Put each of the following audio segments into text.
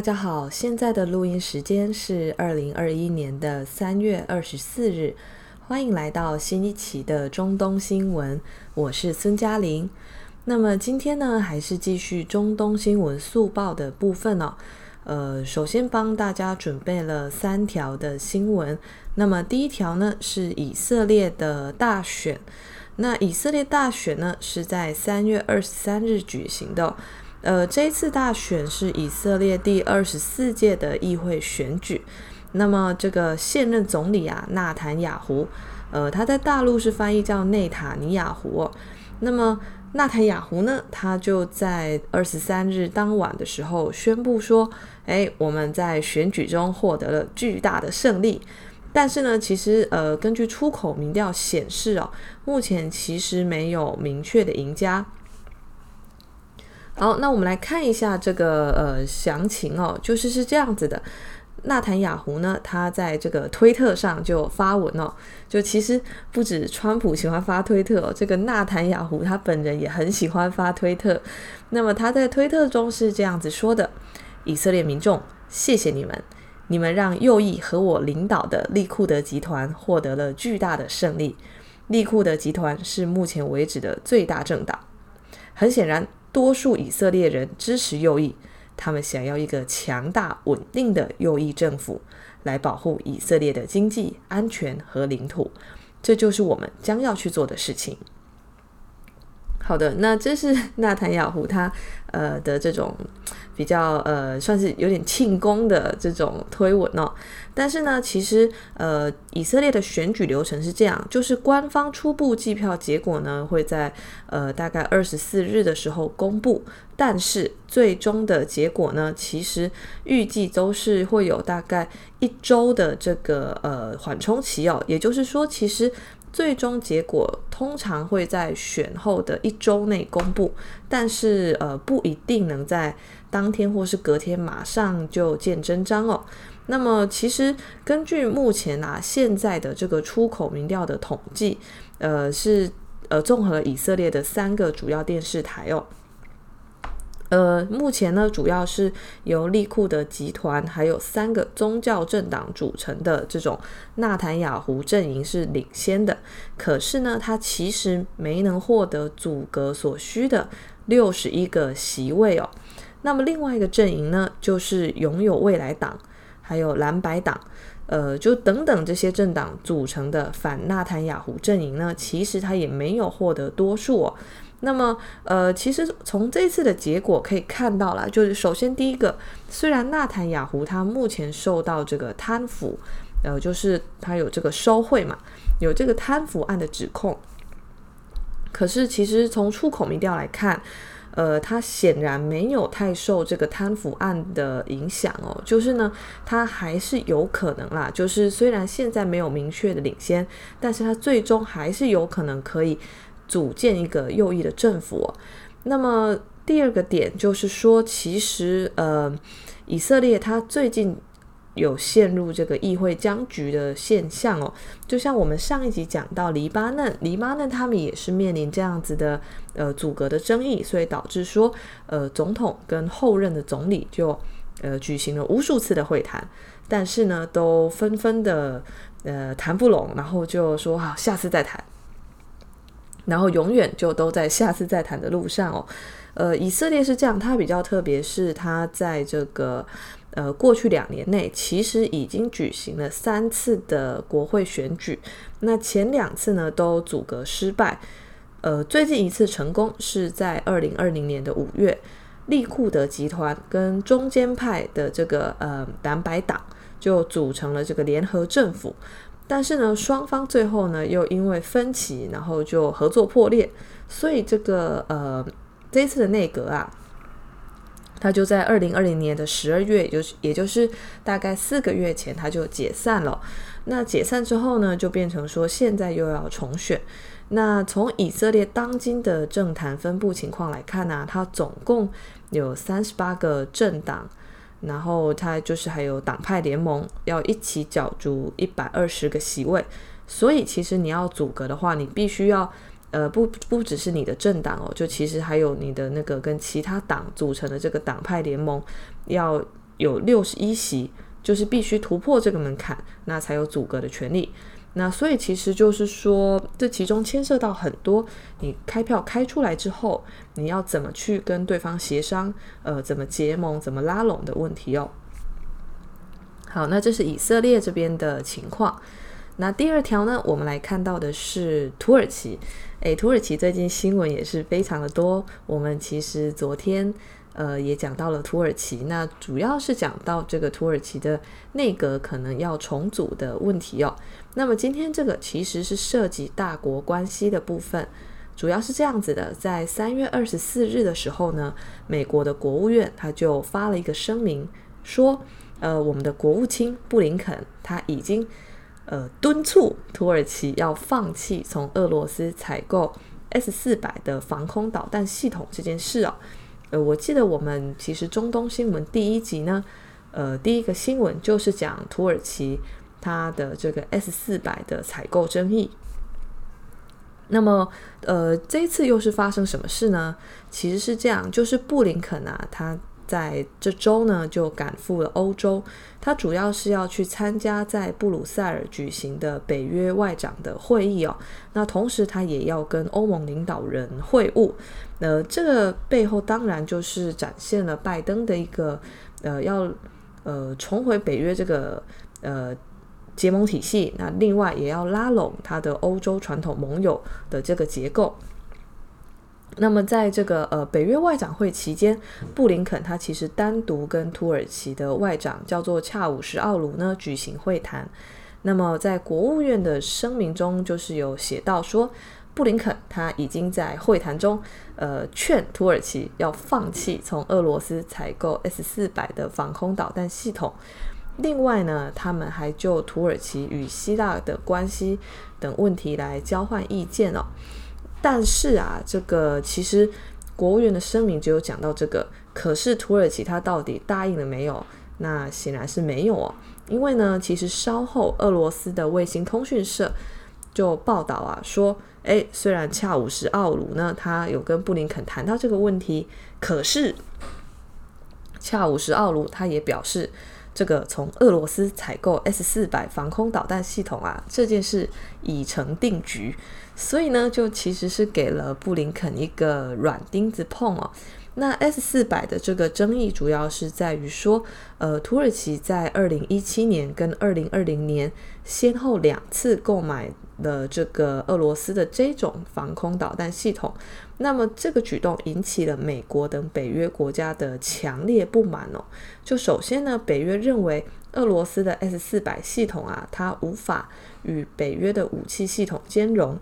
大家好，現在的錄音時間是二零二一年的三月二十四日，歡迎來到新一期的中東新聞，我是孫嘉玲。那麼今天呢，還是繼續中東新聞速報的部分呢、哦。呃，首先幫大家準備了三條的新聞。那麼第一條呢，是以色列的大選。那以色列大選呢，是在三月二十三日舉行的、哦。呃，這一次大選是以色列第二十四屆的議會選舉。那麼，這個現任總理啊，納坦雅胡，呃，他在大陸是翻譯叫內塔尼亞胡哦。那麼，納坦雅胡呢，他就在二十三日當晚的時候宣布說：“誒，我們在選舉中獲得了巨大的勝利。”但是呢，其實呃，根據出口民調顯示哦，目前其實沒有明確的贏家。好，那我們來看一下這個呃詳情哦，就是是這樣子的。納坦雅胡呢，他在這個推特上就發文哦，就其實不止川普喜歡發推特，哦，這個納坦雅胡他本人也很喜歡發推特。那麼他在推特中是這樣子說的：“以色列民眾，謝謝你們，你們讓右翼和我領導的利庫德集團獲得了巨大的勝利。利庫德集團是目前為止的最大政黨。”很顯然。多數以色列人支持右翼，他們想要一個強大穩定的右翼政府來保護以色列的經濟安全和領土。這就是我們將要去做的事情。好的，那這是納坦雅胡他呃的這種。比較呃，算是有點慶功的這種推文哦。但是呢，其實呃，以色列的選舉流程是這樣，就是官方初步計票結果呢會在呃大概二十四日的時候公布，但是最終的結果呢，其實預計都是會有大概一周的這個呃緩衝期哦。也就是說，其實最終結果通常會在選後的一周內公布，但是呃不一定能在。當天或是隔天馬上就見真章哦。那麼，其實根據目前啊現在的這個出口民調的統計，呃，是呃綜合以色列的三個主要電視台哦，呃，目前呢主要是由利庫德集團還有三個宗教政黨組成的這種納坦雅胡陣營是領先的，可是呢，它其實沒能獲得組閣所需的六十一個席位哦。那麼另外一個陣營呢，就是擁有未來黨、還有藍白黨，呃，就等等這些政黨組成的反納坦雅胡陣營呢，其實他也沒有獲得多數哦。那麼，呃，其實從這次的結果可以看到啦，就是首先第一個，雖然納坦雅胡他目前受到這個貪腐，呃，就是他有這個收賄嘛，有這個貪腐案的指控，可是其實從出口民調來看，呃，他顯然沒有太受這個貪腐案的影響哦，就是呢，他還是有可能啦，就是雖然現在沒有明確的領先，但是他最終還是有可能可以組建一個右翼的政府哦。那麼第二個點就是說，其實呃，以色列他最近。有陷入這個議會僵局的現象哦，就像我們上一集講到黎巴嫩，黎巴嫩他們也是面臨這樣子的呃組閣的爭議，所以導致說呃總統跟後任的總理就呃舉行了無數次的會談，但是呢都紛紛的呃談不攏，然後就說好下次再談，然後永遠就都在下次再談的路上哦。呃，以色列是這樣，他比較特別是他在這個。呃，過去兩年內其實已經舉行了三次的國會選舉，那前兩次呢都組閣失敗，呃，最近一次成功是在二零二零年的五月，利庫德集團跟中間派的這個呃藍白黨就組成了這個聯合政府，但是呢，雙方最後呢又因為分歧，然後就合作破裂，所以這個呃這次的內閣啊。他就在二零二零年的十二月，也就是也就是大概四個月前，他就解散了。那解散之後呢，就變成說現在又要重選。那從以色列當今的政壇分布情況來看呢、啊，它總共有三十八個政黨，然後它就是還有黨派聯盟要一起角逐一百二十個席位。所以其實你要組閣的話，你必須要。呃，不不只是你的政黨哦，就其實還有你的那個跟其他黨組成的這個黨派聯盟，要有六十一席，就是必須突破這個門檻，那才有組閣的權利。那所以其實就是說，這其中牽涉到很多你開票開出來之後，你要怎麼去跟對方協商，呃，怎麼結盟、怎麼拉攏的問題哦。好，那這是以色列這邊的情況。那第二條呢，我們來看到的是土耳其。誒，土耳其最近新聞也是非常的多。我們其實昨天呃也講到了土耳其，那主要是講到這個土耳其的內閣可能要重組的問題哦。那麼今天這個其實是涉及大國關係的部分，主要是這樣子的：在三月二十四日的時候呢，美國的國務院他就發了一個聲明說，說呃我們的國務卿布林肯他已經。呃，敦促土耳其要放棄從俄羅斯採購 S 四百的防空導彈系統這件事哦，呃，我記得我們其實中東新聞第一集呢，呃，第一個新聞就是講土耳其它的這個 S 四百的採購爭議。那麼，呃，這一次又是發生什麼事呢？其實是這樣，就是布林肯啊，他。在這週呢，就趕赴了歐洲。他主要是要去參加在布魯塞爾舉行的北約外長的會議啊、哦。那同時，他也要跟歐盟領導人會晤。呃，這個背後當然就是展現了拜登的一個呃要呃重回北約這個呃結盟體系。那另外，也要拉攏他的歐洲傳統盟友的這個結構。那麼，在這個呃北約外長會期間，布林肯他其實單獨跟土耳其的外長叫做恰武什奧盧呢舉行會談。那麼在國務院的聲明中，就是有寫到說，布林肯他已經在會談中，呃勸土耳其要放棄從俄羅斯採購 S 四百的防空導彈系統。另外呢，他們還就土耳其與希臘的關係等問題來交換意見哦。但是啊，這個其實國務院的聲明只有講到這個，可是土耳其他到底答應了沒有？那顯然是沒有哦，因為呢，其實稍後俄羅斯的衛星通訊社就報道啊，說，誒，雖然恰武什奧盧呢他有跟布林肯談到這個問題，可是恰武什奧盧他也表示。這個從俄羅斯採購 S-400 防空導彈系統啊，這件事已成定局，所以呢，就其實是給了布林肯一個軟釘子碰哦。S 那 S 四百的這個爭議主要是在於說，呃，土耳其在二零一七年跟二零二零年先後兩次購買了這個俄羅斯的這種防空導彈系統，那麼這個舉動引起了美國等北約國家的強烈不滿哦。就首先呢，北約認為俄羅斯的 S 四百系統啊，它無法與北約的武器系統兼容。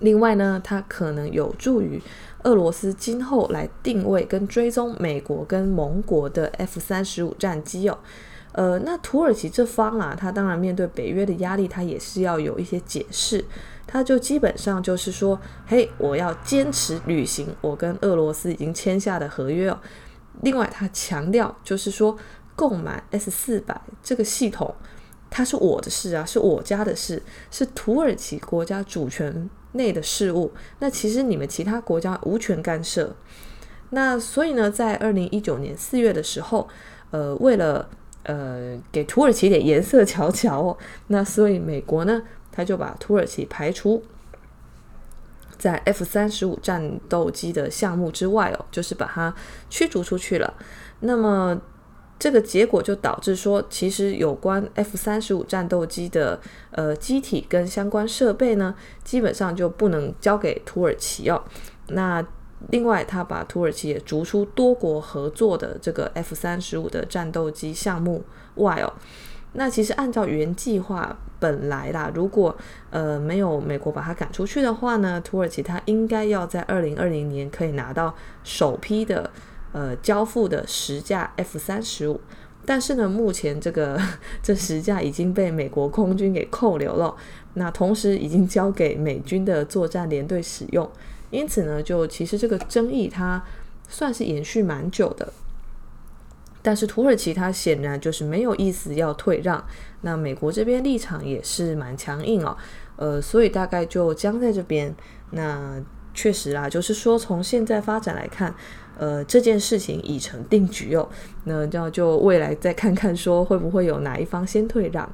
另外呢，它可能有助於。俄羅斯今後來定位跟追蹤美國跟盟國的 F 三十五戰機哦，呃，那土耳其這方啊，他當然面對北約的壓力，他也是要有一些解釋，他就基本上就是說，嘿，我要堅持履行我跟俄羅斯已經簽下的合約哦。另外，他強調就是說，購買 S 四百這個系統，它是我的事啊，是我家的事，是土耳其國家主權內的事務，那其實你們其他國家無權干涉。那所以呢，在二零一九年四月的時候，呃，為了呃給土耳其點顏色瞧瞧，那所以美國呢，他就把土耳其排除在 F 三十五戰鬥機的項目之外哦，就是把它驅逐出去了。那麼。這個結果就導致說，其實有關 F 三十五戰鬥機的呃機體跟相關設備呢，基本上就不能交給土耳其哦。那另外，他把土耳其也逐出多國合作的這個 F 三十五的戰鬥機項目外哦。那其實按照原計劃，本來啦，如果呃沒有美國把它趕出去的話呢，土耳其它應該要在二零二零年可以拿到首批的。呃，交付的十架 F 三十五，但是呢，目前這個這十架已經被美國空軍給扣留了，那同時已經交給美軍的作戰聯隊使用，因此呢，就其實這個爭議它算是延續蠻久的，但是土耳其它顯然就是沒有意思要退讓，那美國這邊立場也是蠻強硬哦，呃，所以大概就僵在這邊，那確實啊，就是說從現在發展來看。呃，這件事情已成定局哦。那這樣就未來再看看，說會不會有哪一方先退讓。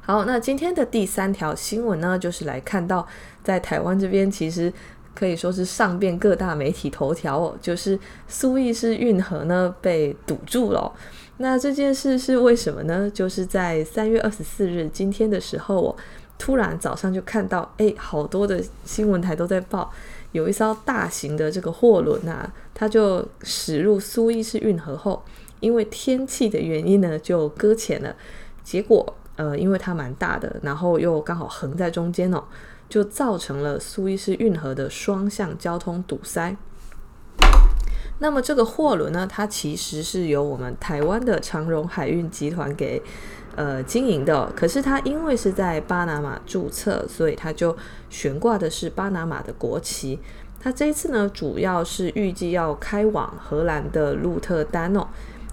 好，那今天的第三條新聞呢，就是來看到在台灣這邊，其實可以說是上遍各大媒體頭條哦，就是蘇伊士運河呢被堵住了哦。那這件事是為什麼呢？就是在三月二十四日今天的時候哦，突然早上就看到，哎，好多的新聞台都在報。有一艘大型的這個貨輪吶、啊，它就駛入蘇伊士運河後，因為天氣的原因呢，就擱淺了。結果，呃，因為它蠻大的，然後又剛好橫在中間哦，就造成了蘇伊士運河的雙向交通堵塞。那麼這個貨輪呢，它其實是由我們台灣的長榮海運集團給。呃，經營的哦，可是它因為是在巴拿馬註冊，所以它就懸掛的是巴拿馬的國旗。它這一次呢，主要是預計要開往荷蘭的鹿特丹哦。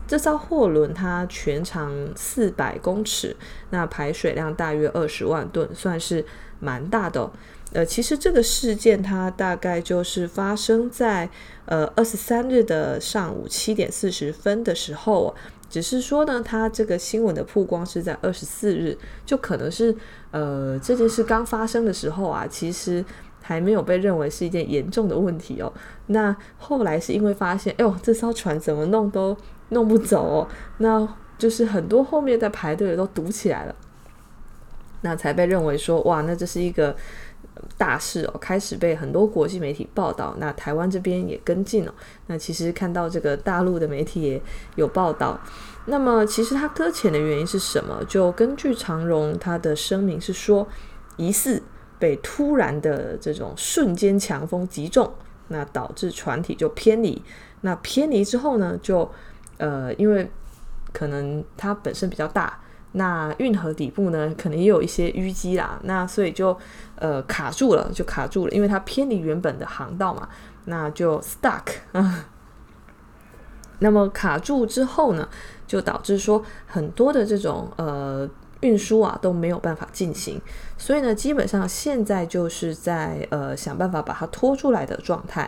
這艘貨輪它全長四百公尺，那排水量大約二十萬噸，算是蠻大的哦。呃，其實這個事件它大概就是發生在呃二十三日的上午七點四十分的時候哦。只是說呢，它這個新聞的曝光是在二十四日，就可能是，呃，這件事剛發生的時候啊，其實還沒有被認為是一件嚴重的問題哦。那後來是因為發現，哎呦，這艘船怎麼弄都弄不走哦，那就是很多後面在排隊的都堵起來了，那才被認為說，哇，那這是一個。大事哦，開始被很多國際媒體報道。那台灣這邊也跟進了，哦。那其實看到這個大陸的媒體也有報道。那麼其實它擱淺的原因是什麼？就根據長榮它的聲明是說，疑似被突然的這種瞬間強風擊中，那導致船體就偏離。那偏離之後呢，就呃，因為可能它本身比較大。那運河底部呢，可能也有一些淤積啦，那所以就呃卡住了，就卡住了，因為它偏離原本的航道嘛，那就 stuck 啊。 那麼卡住之後呢，就導致說很多的這種呃運輸啊都沒有辦法進行，所以呢，基本上現在就是在呃想辦法把它拖出來的狀態。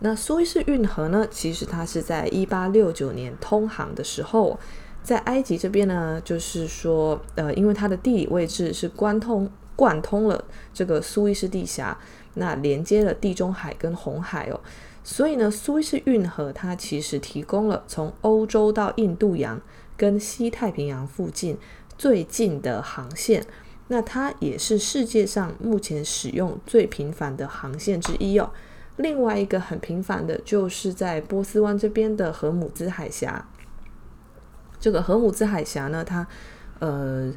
那蘇伊士運河呢，其實它是在一八六九年通航的時候。在埃及這邊呢，就是說，呃，因為它的地理位置是貫通貫通了這個蘇伊士地峽，那連接了地中海跟紅海哦，所以呢，蘇伊士運河它其實提供了從歐洲到印度洋跟西太平洋附近最近的航線，那它也是世界上目前使用最頻繁的航線之一哦。另外一個很頻繁的就是在波斯灣這邊的荷姆茲海峽。這個荷姆茲海峽呢，它呃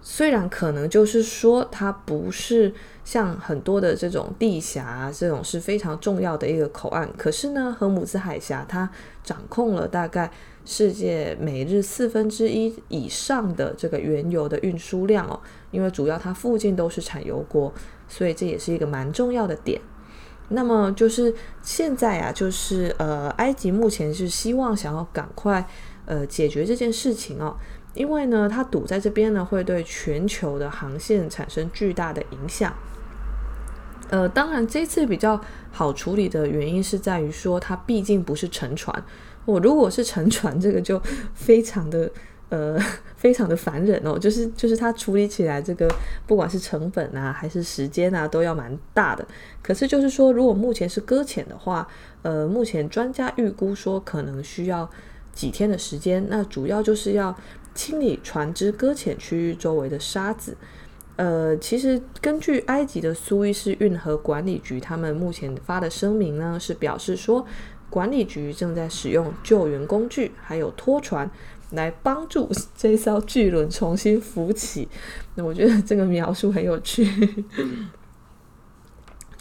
雖然可能就是說它不是像很多的這種地峽、啊、這種是非常重要的一個口岸，可是呢，荷姆茲海峽它掌控了大概世界每日四分之一以上的這個原油的運輸量哦，因為主要它附近都是產油國，所以這也是一個蠻重要的點。那麼就是現在啊，就是呃，埃及目前是希望想要趕快。呃，解決這件事情哦，因為呢，它堵在這邊呢，會對全球的航線產生巨大的影響。呃，當然，這次比較好處理的原因是在於說，它畢竟不是沉船。我如果是沉船，這個就非常的呃，非常的煩人哦。就是就是，它處理起來這個，不管是成本啊，還是時間啊，都要蠻大的。可是就是說，如果目前是擱淺的話，呃，目前專家預估說可能需要。幾天的時間，那主要就是要清理船隻擱淺區域周圍的沙子。呃，其實根據埃及的蘇伊士運河管理局，他們目前發的聲明呢，是表示說，管理局正在使用救援工具，還有拖船來幫助這艘巨輪重新浮起。那我覺得這個描述很有趣。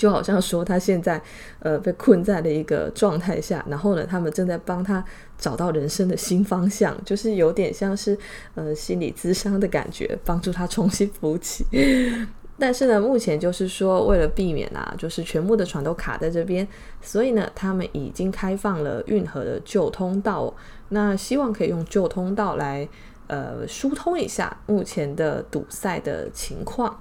就好像說他現在，呃，被困在了一個狀態下，然後呢，他們正在幫他找到人生的新方向，就是有點像是，呃，心理諮商的感覺，幫助他重新扶起。但是呢，目前就是說，為了避免啊，就是全部的船都卡在這邊，所以呢，他們已經開放了運河的舊通道，那希望可以用舊通道來，呃，疏通一下目前的堵塞的情況。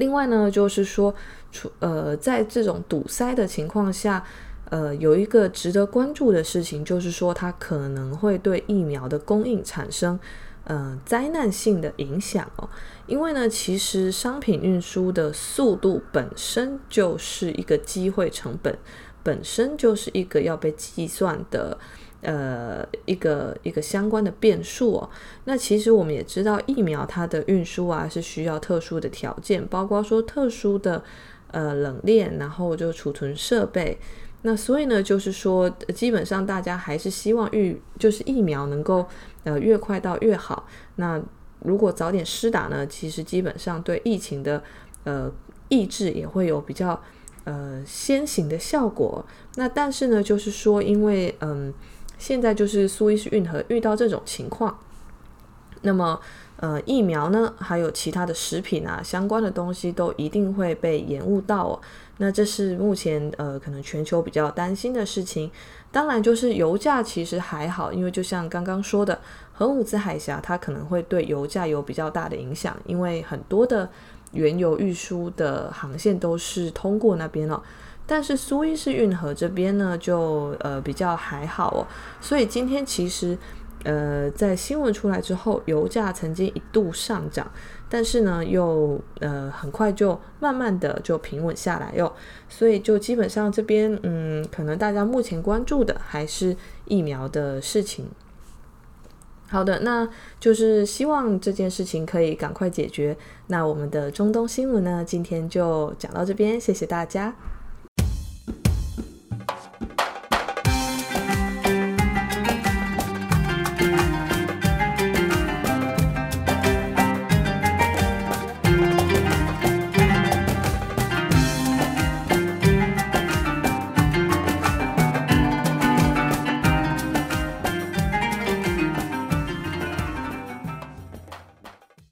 另外呢，就是說，除呃，在這種堵塞的情況下，呃，有一個值得關注的事情，就是說，它可能會對疫苗的供應產生呃災難性的影響哦。因為呢，其實商品運輸的速度本身就是一個機會成本，本身就是一個要被計算的。呃，一個一個相關的變數哦。那其實我們也知道，疫苗，它的運輸啊是需要特殊的條件，包括說特殊的呃冷鏈，然後就儲存設備。那所以呢，就是說，基本上大家還是希望疫，就是疫苗能夠呃越快到越好。那如果早點施打呢，其實基本上對疫情的呃抑制也會有比較呃先行的效果。那但是呢，就是說，因為嗯。呃現在就是蘇伊士運河遇到這種情況，那麼呃疫苗呢，還有其他的食品啊相關的東西都一定會被延誤到哦。那這是目前呃可能全球比較擔心的事情。當然就是油價其實還好，因為就像剛剛說的，荷姆茲海峽，它可能會對油價有比較大的影響，因為很多的原油運輸的航線都是通過那邊了哦。但是蘇伊士運河這邊呢，就呃比較還好哦。所以今天其實，呃，在新聞出來之後，油價曾經一度上漲，但是呢，又呃很快就慢慢的就平穩下來喲、哦。所以就基本上這邊，嗯，可能大家目前關注的還是疫苗的事情。好的，那就是希望這件事情可以趕快解決。那我們的中東新聞呢，今天就講到這邊，謝謝大家。